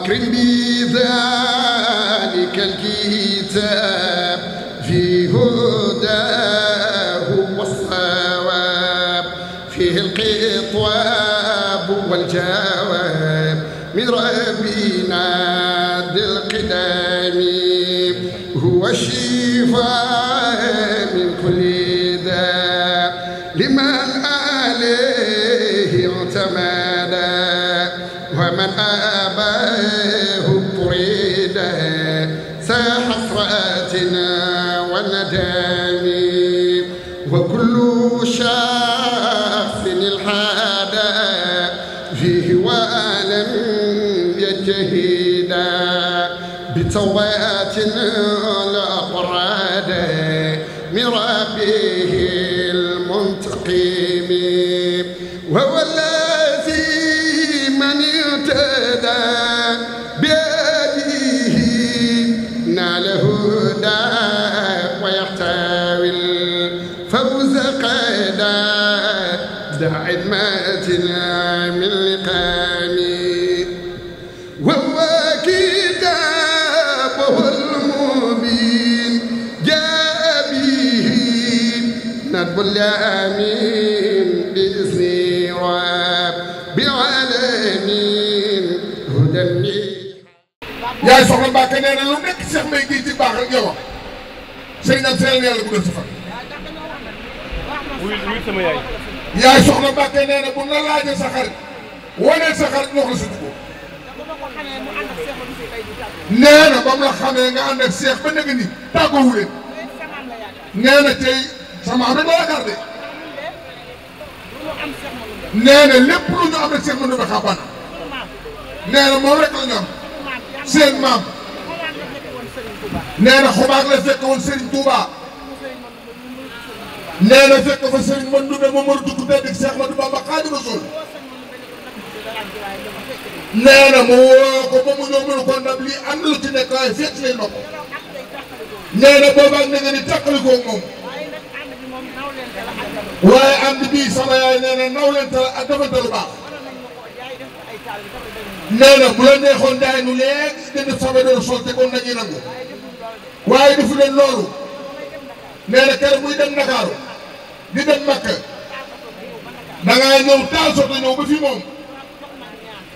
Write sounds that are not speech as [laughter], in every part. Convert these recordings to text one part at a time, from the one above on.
وأكرم بذلك الكتاب في هداه والصواب فيه القطواب والجواب من ربنا ذي القدام هو الشفاء من كل شهيدا بتوبات الأقراد من ربه المنتقم وهو الذي من اهتدى بهديه نال هدى ويحتوي الفوز قيدا دع عدمتنا من لقاء كل آمين بإذني وبعالمين هدى yaay soxna Mbacke nee na lu nekk Cheikh Mbaye baax rek yow a sëñ am seen yàlla bu def sa fan. yaay soxna Mbacke na bu la laajee sa xarit waneel sa la xamee nga ànd ak nekk nii tàggoo wu leen sa maam rek la yaakaar de nee na lépp lu ñu am rek Cheikh Mandoumbé Xabane nee na moom rek la ñu am seen maam nee na xumaag fekk woon Serigne Touba nee fekk fa Serigne Mandoumbé moom war a dugg tedd ak Cheikh Ahmadou Bamba Xaadimu Rasuul nee na mu woo ko ba mu ñëw mënu ko lii am lu ci nekk waaye fekk nañ ma ko nee boobaag na nga ni tàqali ko moom. waaye ànd bii sama yaay nee ak dafa tal baax nee na bu la neexoon daay nu léegi jënd sobe doon sol te kon nañuy nangu waaye defu leen loolu nee na kër muy dem Ndakaaru di dem Makka da ngaa ñëw taal soto ñëw ba fi moom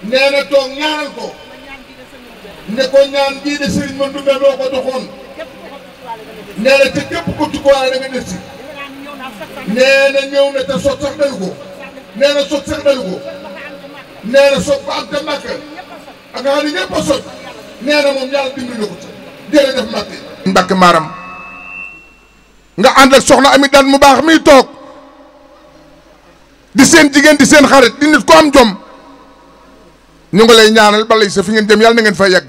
nee na toog ñaanal ko ne ko ñaan bii de Serigne Mandoumbe loo ko joxoon nee te képp ko tukkuwaale da nga si. nee na ñëw na te sot sax dalu ko nee na sot sax dalu ko nee sot ba am te màkk ak nga xam ne ñëpp a sot nee moom yàlla dimbali na ko ci jërëjëf màkk yi. maaram nga ànd ak soxna amit daal mu baax miy toog di seen jigéen di seen xarit di nit ko am jom ñu ngi lay ñaanal balay sa fi ngeen jëm yàlla na ngeen fay yegg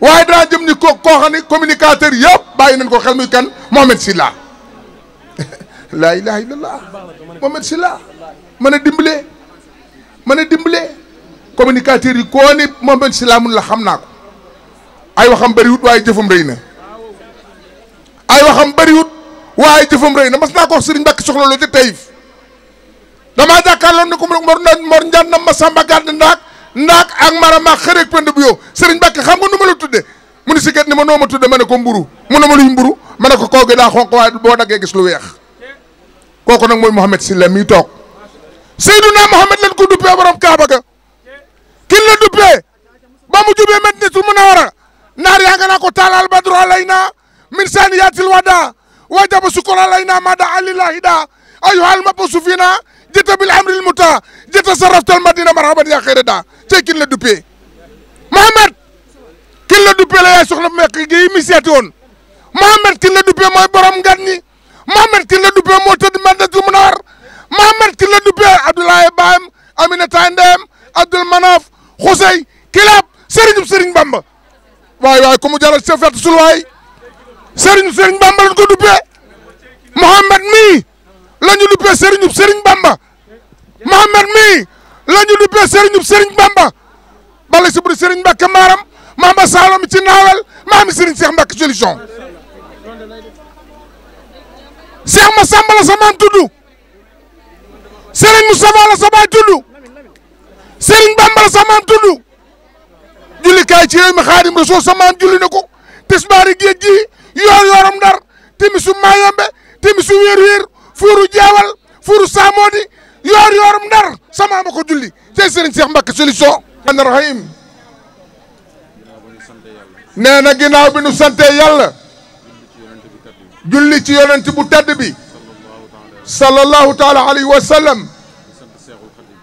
waaye daa jëm ni ko koo xam ne communicateur yëpp bàyyi nañ ko xel muy kan Mohamed Sylla [laughs] laa ilaha illallah Mohamed Sylla mën a dimbalee mën a dimbalee communicateur yi koo ni Mohamed Sylla mun la xam naa ko ay waxam bëriwut waaye jëfam rëy na ay waxam bëriwut waaye jëfam rëy na mas naa ko wax sëriñ Mbàkke soxla loo ca Taïf damaa jàkkaarloon ne ko mor mor njaan na ma sàmba gàdd ndaak ndaak ak marama xëreeg pënd bu yow sëriñ Mbàkke xam nga nu ma la tudde mu ni si gat ni ma noo ma tudde ma ko mburu mu a ma luy mburu ma ne ko kaw gi daa xonq boo daggee gis weex kooku nag mooy Mouhamed Sylla mii toog Seydouna Mouhamed lañ ko duppee borom Kaaba ga kin duppee ba mu jubee Madinatul Munawwara naar yaa nga naa ko taalal badru alaynaa min saaniyatil wadaa wajaba sukkur alaynaa madaa alillahi daa ayyuhal mabuusu fiinaa jëta bil amril mutaa jëta saraftal madina marhaban yaa daa cey kin duppee Mouhamed kin duppee la yaay soxna mekk gi woon Mouhamed kin duppee mooy borom ngan Mohamed ki la duppee moo tëdd Madinatul Munawwar Mohamed ki la duppee Abdoulaye Baam Aminata Ndeem Bamba waay waay ku mu jaral sa fett sul waay Serigne Bamba lañ ko duppee Mohamed mii la ñu duppee Serigne Serigne Bamba Bamba bala si buri Serigne Mbacke Maram Mamba Salomi naawel maami Serigne Cheikh Mbacke solution Seex Masamba la sa maam tudd Serigne Moustapha la sa baay tudd Serigne Bamba la sa maam ci réew mi Xaadim Rasuul sa julli na ko tisbaari géej gi yoor yooram ndar timisu maayombe timisu wéer wéer fuuru jeewal fuuru saamoodi yoor yooram ndar sa maam a ko julli tey Serigne Seex Mbakke solution rahim nee na ginnaaw bi nu sante yàlla julli ci yonent bu tedd bi sallallahu taala alayhi wa sallam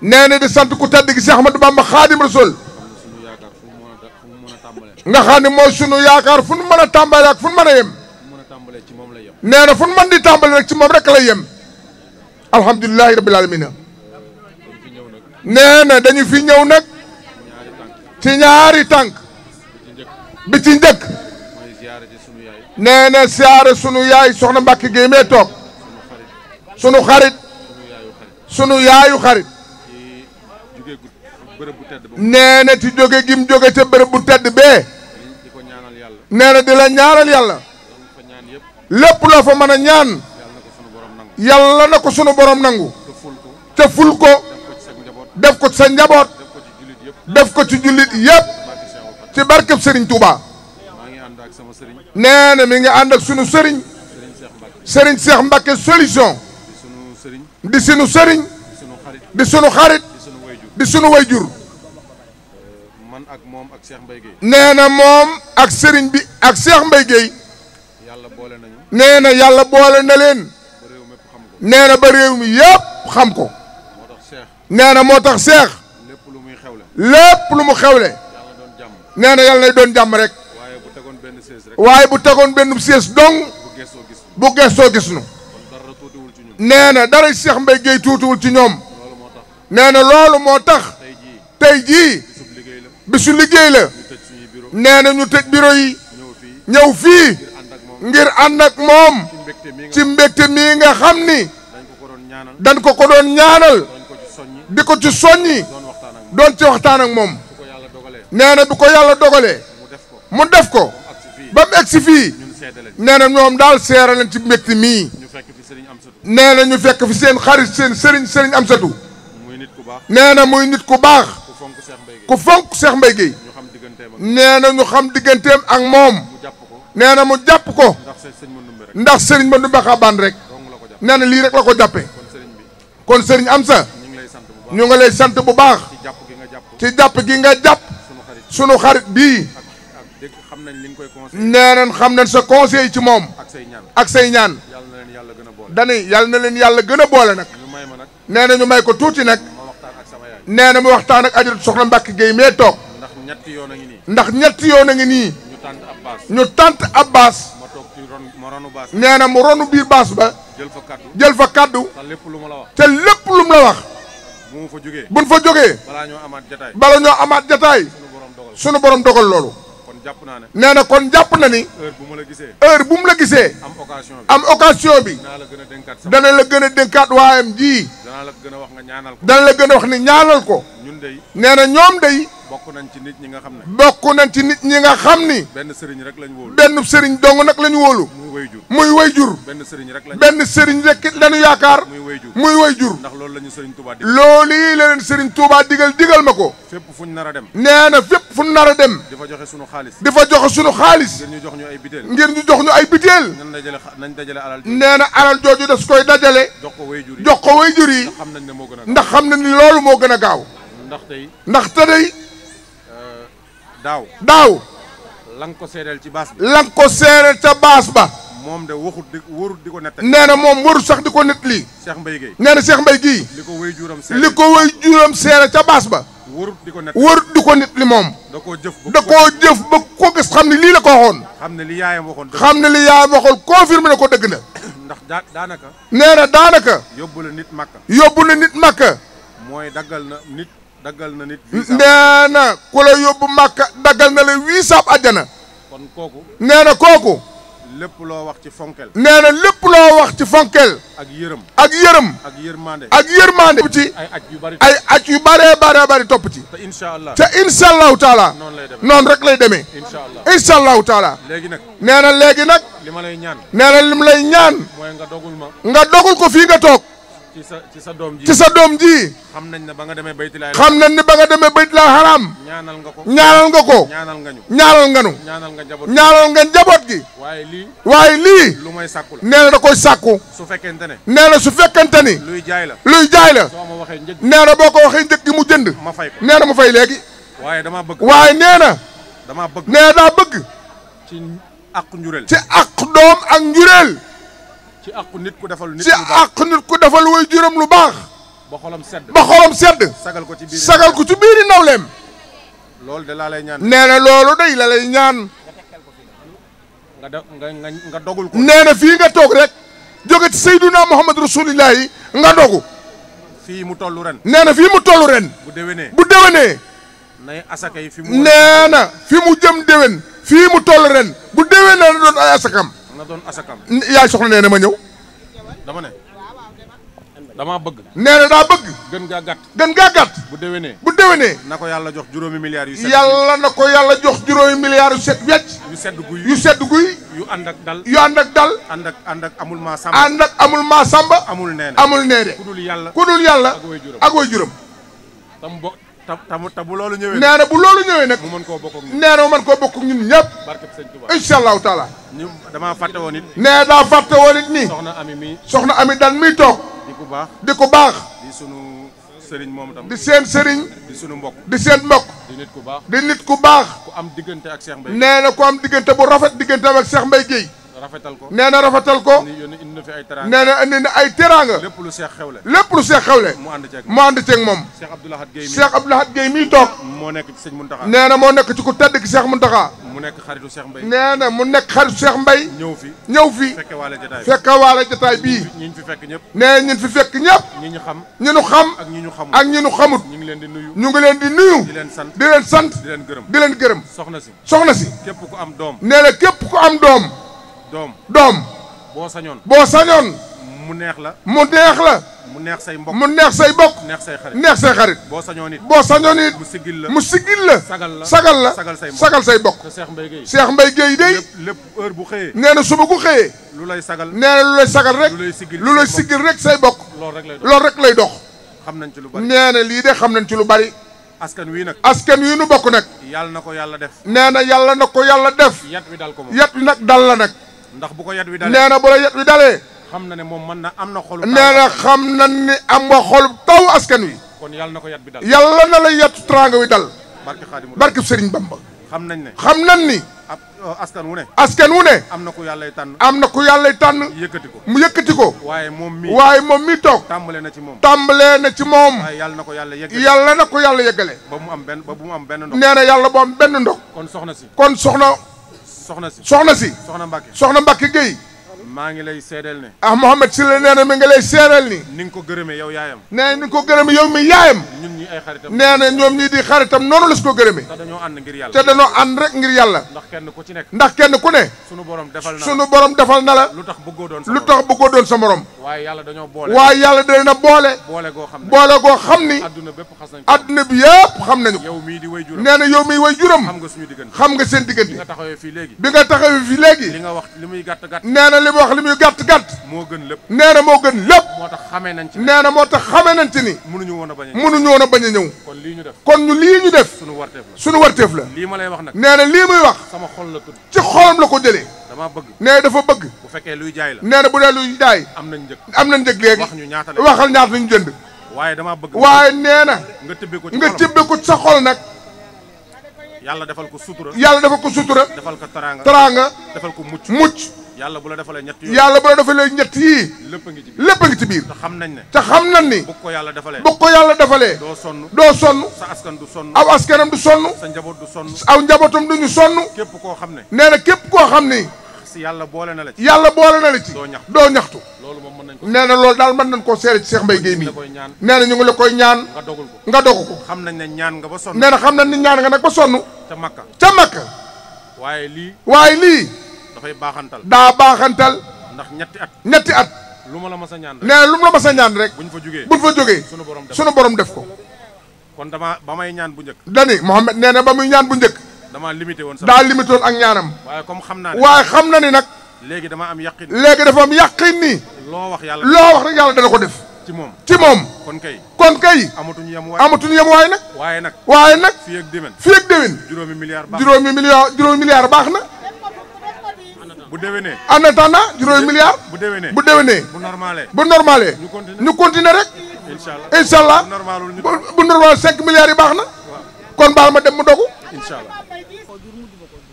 nee na di sant ku tedd gi Seex Ahmadu Bamba Xaadim Rasul nga xam ne mooy sunu yaakaar fu nu mën a tàmbale ak fu nu mën a yem nee na fu nu mën di tàmbale nag ci moom rek lay yem alhamdulilahi rabbil alamina nee na dañu fi ñëw nag ci ñaari tànk bi ci njëkk nee na siyaare sunu yaay soxna Mbacke Gueye mee toog sunu xarit sunu yaayu xarit nee na ci jóge gim jóge ca bërëb bu tedd bee nee na di la ñaanal yàlla lépp loo fa mën a ñaan yàlla na ko sunu borom nangu te ful ko def ko ci njaboot def ko ci jullit yépp ci barkeb Serigne Touba. nee na mi ngi ànd ak sunu sëriñ sëriñ Cheikh Mbacke solution di sunu sëriñ di sunu xarit di sunu wayjur euh, man ak moom ak Cheikh Mbaye Gueye moom ak sëriñ bi ak seex Mbaye Gueye yàlla boole nañu nee na yàlla boole na leen nee na ba réew mi yëpp xam ko nee na moo tax Cheikh lépp lu muy lu mu xewle nee na yàlla nay doon jàmm rek waaye bu tegoon benn siis dong bu gestoo gis nu nee na dara Cheikh Mbaye Guèye tuutiwul ci ñoom nee na loolu moo tax tey jii bisu liggéey la nee na ñu tëj bureau yi ñëw fii ngir ànd ak moom ci mbégte mii nga xam ni dañ ko ko doon ñaanal di ko ci soññi doon ci waxtaan ak moom nee na bu ko yàlla dogalee mu def ko ba mu egsi fii nee na ñoom daal seere nañ ci mbégte mii nee na ñu fekk fi seen xarit seen sëriñ sëriñ Amsatu nee na muy nit ku baax ku fonk Cheikh Mbaye Guèye nee na ñu xam digganteem ak moom nee na mu jàpp ko ndax sëriñ Mandumbe Xabaan rek nee na lii rek la ko jàppe kon sëriñ sa ñu ngi lay sant bu baax ci jàpp gi nga jàpp sunu xarit bii xam li nga koy conseil xam nañ sa conseil ci moom. ak say ñaan ak say ñaan. yàlla na leen yàlla gën a boole. dañuy yàlla na leen yàlla gën a boole nag. ñu may ma nag. nee na ñu may ko tuuti nag. ma waxtaan ak sama yaay. nee na mu waxtaan ak ajurut soxna Mbacke Gueye mee toog. ndax ñetti yoon a ngi nii. ndax ñetti yoon a ngi nii. ñu tànt Abbas. ñu tànt Abbas. ma toog ci ron ma ronu baas. nee na mu ronu biir baas ba. jël fa kaddu jël fa kaddu. te lépp lu mu la wax. te lépp lu mu la wax. bu mu fa jógee. buñ fa jógee. balaa ñoo amaat jataay. balaa ñoo amaat jataay. sunu borom dogal loolu jàpp naa ne nee na kon jàpp na ni. heure bu mu la gisee. heure bu la gisee. am occasion bi am occasion bi. dana la gën a dénkaat sama dana la gën a dénkaat waayam ji. dana la gën a wax nga ñaanal ko. gën a wax ni ñaanal ko. ñun dey nee ñoom day bokk nañ ci nit ñi nga xam ne. bokk nañ ci nit ñi nga xam ni. benn sëriñ rek lañ wóolu. benn sëriñ dong nag lañ wóolu. wayjur muy wayjur benn sëriñ rek lañu benn sëriñ rek lañu yaakaar muy wayjur muy wayjur ndax loolu la ñu sëriñ Touba digal loolu yi la leen sëriñ Touba digal digal ma ko fépp fuñ nar a dem nee na fépp fu nar a dem di fa joxe sunu xaalis di fa joxe sunu xaalis ngir ñu jox ñu ay biteel ngir ñu jox ñu ay biteel nañ dajale nañ dajale alal nee na alal jooju das koy dajale jox ko wayjur yi jox ko wayjur yi xam nañ ne moo gën a ndax xam na ne loolu moo gën a gaaw ndax te ndax tey daaw daaw lan ko seereel ci baas ba lan ko seereel ca baas ba moom de waxut di warut di ko nettali. nee na moom warut sax di ko nettali. Cheikh Mbaye Guèye nee na Cheikh Mbaye Guèye. li ko wéy juuram seere li ko wéy juuram seere ca baas ba. warut di ko nettali warut di ko nettali moom. da koo jëf ba da koo jëf ba ko gis xam ne lii la ko waxoon. xam ne li yaayam waxoon xam ne li yaayam waxoon confirmé na ko dëgg la. ndax daa daanaka. nee daanaka. yóbbu nit màkka. yóbbu nit màkka. mooy daggal na nit daggal na nit. na ku la yóbbu màkka daggal na la huit saab àjjana. kon kooku nee na kooku. lépp loo wax ci fonkel. nee na lépp loo wax ci fonkel. ak yërëm ak yërëm. ak yërmande ak yërmande. topp ci ay at yu bari ay at yu baree baree bari topp ci. te incha allah te incha allahu taala. noonu lay demee noonu rek lay demee. incha allah incha allahu taala. léegi nag nee na léegi nag. li ma lay ñaan. nee na lim lay ñaan. mooy nga dogul ma. nga dogul ko fii nga toog. ci sa sa doom ji ci sa doom ji. xam nañ ne ba nga demee baytil haram xam nañ ne ba nga demee baytil haram. ñaanal nga ko ñaanal nga ko. ñaanal nga ñu ñaanal nga ñu. nga njaboot ñaanal nga njaboot gi. waaye lii. waaye lii. lu may sàkku la nee na da koy sàkku. su fekkente ne. nee na su fekkente ni. luy jaay la luy jaay la. ma waxee njëg nee boo ko waxee njëg gi mu jënd. ma fay ko nee mu fay léegi. waaye damaa bëgg. waaye nee na. damaa bëgg nee daa bëgg. ci àq njureel. ci àq doom ak njureel ci àqu nit ku defal nit ku defal way juram lu baax. ba xolam sedd ba xolam sedd. sagal ko ci biir sagal ko ci biiri nawleem. loolu laa lay ñaan. nee na loolu day la lay ñaan. nga def nga nga ko. nee na fii nga toog rek. jóge ci Seydouna Muhammad Rasulillah yi nga dogu. fii mu toll ren. nee na fii mu toll ren. bu déwénee bu déwénee. nay asaka yi fi mu. nee na fi mu jëm déwén. fii mu toll ren bu déwénee na doon ay asakam. na doon asakam. yaay soxna nee na ma ñëw. dama ne. damaa bëgg. nee daa bëgg. gën gaa gàtt. gën gaa gàtt. bu déwénee bu déwénee. na ko yàlla jox juróomi milliards yu set. na ko yàlla jox juróomi milliards yu set wecc. yu sedd guy yu yu ànd ak dal. yu ànd ak dal. ànd ak amul maa amul maa samba. amul neene amul neene. ku dul yàlla ku dul ak way juróom te bu loolu ñëwee. nee na mu mën koo bokk ak ñun nee na mu mën koo bokk ak ñun ñëpp. barke Sëñ Tuubaa incha allahu taala. ñu damaa fàtte woon it. nee daa fàtte woon it nii. soxna ami mi soxna ami daan mi toog. di ko baax di ko baax. di sunu sëriñ moom tam. di seen sëriñ. di sunu mbokk di seen mbokk. di nit ku baax di nit ku baax. ku am diggante ak Cheikh Mbaye. nee na ku am diggante bu rafet diggante ak Cheikh Mbaye Guèye rafetal ko nee na rafetal ko. nee na indi na ay teraanga. lépp lu seex xewle. lépp lu seex xewle. mu ànd ceeg moom mu ànd ceeg moom. seex Abdou Lahad Guèye mi seex Abdou Lahad Guèye mi toog. moo nekk ci sëñ Mountakha. nee na moo nekk ci ku tedd ki seex Mountakha. mu nekk xaritu seex Mbaye. nee na mu nekk xaritu seex Mbaye. ñëw fi ñëw fi. fekke waale jotaay bi fekke waale jotaay bii. ñi ñu fi fekk ñëpp. nee ñi fi fekk ñëpp. ñi ñu xam. ñi xam. ak ñi ñu xamut ak ñi ñu xamut. ñu ngi leen di nuyu. ñu ngi leen di leen sant di leen sant. leen gërëm di gërëm. soxna si soxna si. képp ko am doom. nee na képp ku am doom. doom doom. boo sañoon boo sañoon. mu neex la mu neex la. mu neex say mbokk mu neex say mbokk. neex say xarit neex boo sañoon it boo sañoon it. mu sigil la mu sigil la. sagal la sagal la sagal say mbokk. te Cheikh Mbaye Guèye Cheikh Mbaye Guèye day. lépp lépp heure bu xëyee. nee na suba gu xëyee. lu lay sagal nee lu lay sagal rek. lu lay sigil lu lay sigil rek say bokk loolu rek lay dox loolu rek lay dox. xam nañ ci lu bari nee lii de xam nañ ci lu bari. askan wii nag askan wii nu bokk nag. yàlla na ko yàlla def. nee na yàlla na ko yàlla def. yat wi dal ko moom yat wi nag dal la nag. ndax bu ko wi dalee nee na bu la yat xam na ne moom mën na am na xolu. nee xam na ne am nga xolu taw askan wi. kon yàlla na ko yat bi dal. yàlla na la yatu teraanga wi dal. barke Xaadimu barke Serigne Bamba. xam nañ ne xam nañ ni. Euh, askan wu ne. askan wu ne. am na ku yàllay tànn. am na ku yàllay tànn. yëkkati ko mu yëkkati ko. waaye moom mii waaye moom mii toog. tàmbalee na ci moom tàmbalee na ci moom. waaye yàlla na ko yàlla yëggale yàlla na ko yàlla yëggale. ba mu am benn ba mu am benn ndox. yàlla bu benn ndox. kon soxna si kon soxna. soxna si soxna si. soxna Mbacke soxna Mbacke Gueye. maa ngi lay seedeel ne ah Mouhamed si la nee na mi ngi lay seedeel ni ni nga ko gërëmee yow yaayam nee na ni nga ko gërëmee yow mi yaayam ñun ñi ay xaritam nee na ñoom ñi di xaritam noonu la su ko gërëmee te dañoo ànd ngir yàlla te dañoo ànd rek ngir yàlla ndax kenn ku ci nekk ndax kenn ku ne sunu borom defal na sunu borom defal na la lu tax bëggoo doon lu tax bëggoo doon sa morom waaye yàlla dañoo boole waaye yàlla dañ na boole boole goo xam ne boole goo xam ni adduna bépp xas nañ adduna bi yëpp xam nañu yow mii di way juram nee na yow mii way juram xam nga suñu diggante xam nga seen diggante bi nga taxawee fii léegi bi nga taxawee fii léegi li nga wax li muy gàtt gàtt nee na li wax li muy gàtt gàtt. moo gën lépp nee na moo gën lépp. moo tax xamee nañ ci nee na moo tax xamee nañ ci ni. mënuñu woon a bañ a ñëw a bañ a ñëw. kon lii ñu def kon ñu lii ñu def. suñu warteef la suñu warteef la. lii ma lay wax nag nee lii muy wax. sama xol la tudd ci xolam la ko jëlee. damaa bëgg nee dafa bëgg. bu fekkee luy jaay la nee na bu dee luy jaay. am nañ njëg am nañ njëg léegi wax ñu ñaata la waxal ñaata la ñu jënd. waaye damaa bëgg. waaye nee na nga tibbee ko nga tibbee ko sa xol nag yàlla defal ko sutura yàlla defal ko sutura defal ko taraanga taraanga defal ko mucc mucc yàlla bu la defalee ñett yi yàlla bu la defalee ñett yii. lépp a ngi ci biir lépp a ngi ci biir. te xam nañ ne. te xam nañ ni. bu ko yàlla defalee. bu ko yàlla defalee. doo sonn doo sonn. sa askan du sonn. aw askanam du sonn. sa njaboot du sonn. aw njabootam du ñu sonn. képp koo xam ne. nee na képp koo xam ni. si yàlla boole na la ci. yàlla boole na la doo ñaxtu doo lool loolu moom mën nañ ko nee na loolu daal mën nañ koo seere ci Cheikh Mbaye Guèye mii. nee na ñu ngi la koy ñaan. nga ko nga dogu ko. xam ne ñaan nga ba sonn. nee xam nañ ne ñaan nga nag ba sonn. ca Makka ca waaye lii. dafay baaxantal. daa baaxantal. ndax ñetti at. ñetti at. lu ma la mas a ñaan rek nee lu mu la mas a ñaan rek. buñ fa jógee buñ fa jógee. sunu borom def ko ko. kon damaa ba may ñaan bu njëkk. dani Mouhamed nee na ba muy ñaan bu njëkk. damaa limité woon sama daa limité woon ak ñaanam. waaye comme xam naa ne waaye na ni nag. léegi am yàqin. léegi dafa am yàqin nii. loo wax yàlla loo wax rek yàlla dana ko def. ci moom ci moom. kon kay kon kay. amatuñu yem waay amatuñu yem waay nag. waaye nag waaye nag. fii ak déwén fii ak déwén. juróomi milliard baax na. bu déwénee en attendant juróomi milliards. bu déwénee bu déwénee. bu normalé bu normalé. ñu continuer ñu continuer rek. incha allah incha allah bu normalul ñu bu normal cinq milliards yi baax na. kon baal ma dem mu dogu. incha allah.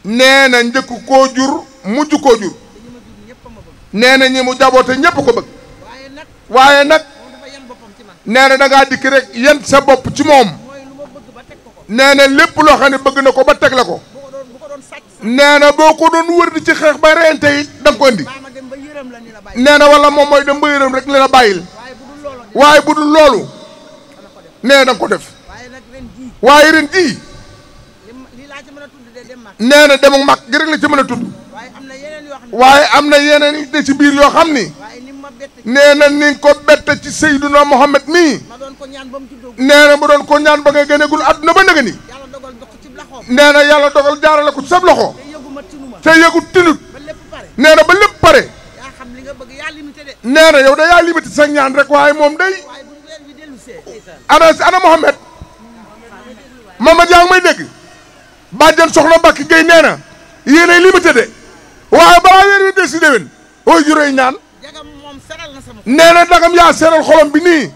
nee na njëkk koo jur mujj koo jur. nee na ñi mu jaboote ñépp ko bëgg. waaye nag. nee na da ngaa dikk rek yent sa bopp ci moom. nee na lépp loo xam ne bëgg na ko ba teg la ko. nee na boo ko doon wër di ci xeex ba rente yi da nga ko andi nee na wala moom mooy dem ba yërëm rek li la bàyyil waaye bu dul loolu nee da ko def waaye ren jii nee na dem mag gi rek la ci mën a tudd waaye am na yeneen yi de ci biir yoo xam ni nee na ni nga ko bett ci Seyduna Muhammad mii nee na mu doon ko ñaan ba nga gënegul àdduna ba nëga ni nee na yàlla dogal jaaral loxo te yëgu tinut nee na ba lépp pare nee na yow da yaa limité sa ñaan rek waaye moom day ana ana Mohamed ma ma ngi may dégg bàjjan soxna Mbacke Gueye nee na yéen ay limité de waaye balaa weer wi des si déwén ooy juróoy ñaan nee na dagam yaa seral xolom bi nii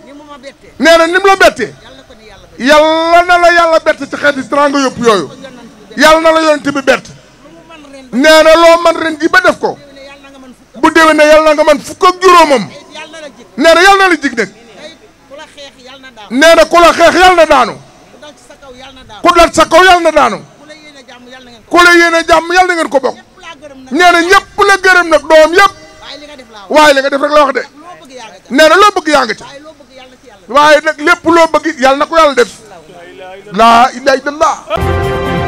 nee na ni mu la bettee yàlla na la yàlla bett ci xeeti teraanga yëpp yooyu yal na la yonent bi bett nee na loo man ren ji ba def ko bu déwénee yàlla na nga man fukk ak juróomam nee na yàlla na la jig nag nee na la xeex yàlla na daanu ku dal sa kaw yàlla na daanu ku la yéene jàmm yàlla na ngeen ko bokk nee na ñëpp la gërëm nag doom yëpp waaye li nga def rek la wax de nee na loo bëgg yaa nga ci waaye nag lépp loo bëgg yàlla na ko yàlla def laa ilaaha illallaah